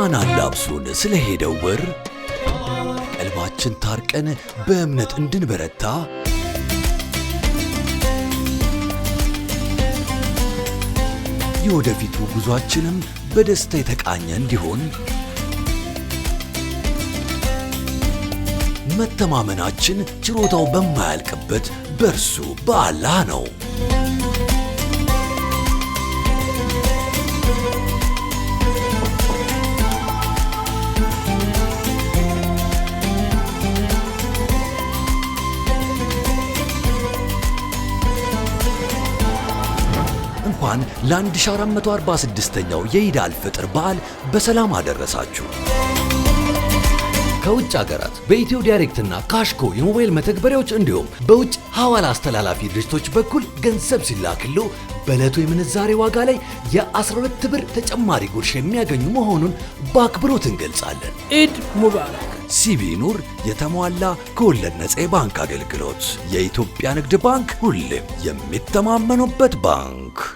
ብርሃን አላብሱን ስለሄደው ወር ቀልባችን ታርቀን በእምነት እንድንበረታ የወደፊቱ ጉዟችንም በደስታ የተቃኘ እንዲሆን መተማመናችን ችሮታው በማያልቅበት በርሱ በአላህ ነው። እንኳን ለ1446ኛው የኢድ አልፈጥር በዓል በሰላም አደረሳችሁ። ከውጭ ሀገራት በኢትዮ ዳይሬክትና ካሽኮ የሞባይል መተግበሪያዎች እንዲሁም በውጭ ሐዋላ አስተላላፊ ድርጅቶች በኩል ገንዘብ ሲላክሉ በዕለቱ የምንዛሬ ዋጋ ላይ የ12 ብር ተጨማሪ ጉርሽ የሚያገኙ መሆኑን በአክብሮት እንገልጻለን። ኢድ ሙባረክ። ሲቢ ኑር የተሟላ ከወለድ ነጻ የባንክ አገልግሎት። የኢትዮጵያ ንግድ ባንክ ሁሌም የሚተማመኑበት ባንክ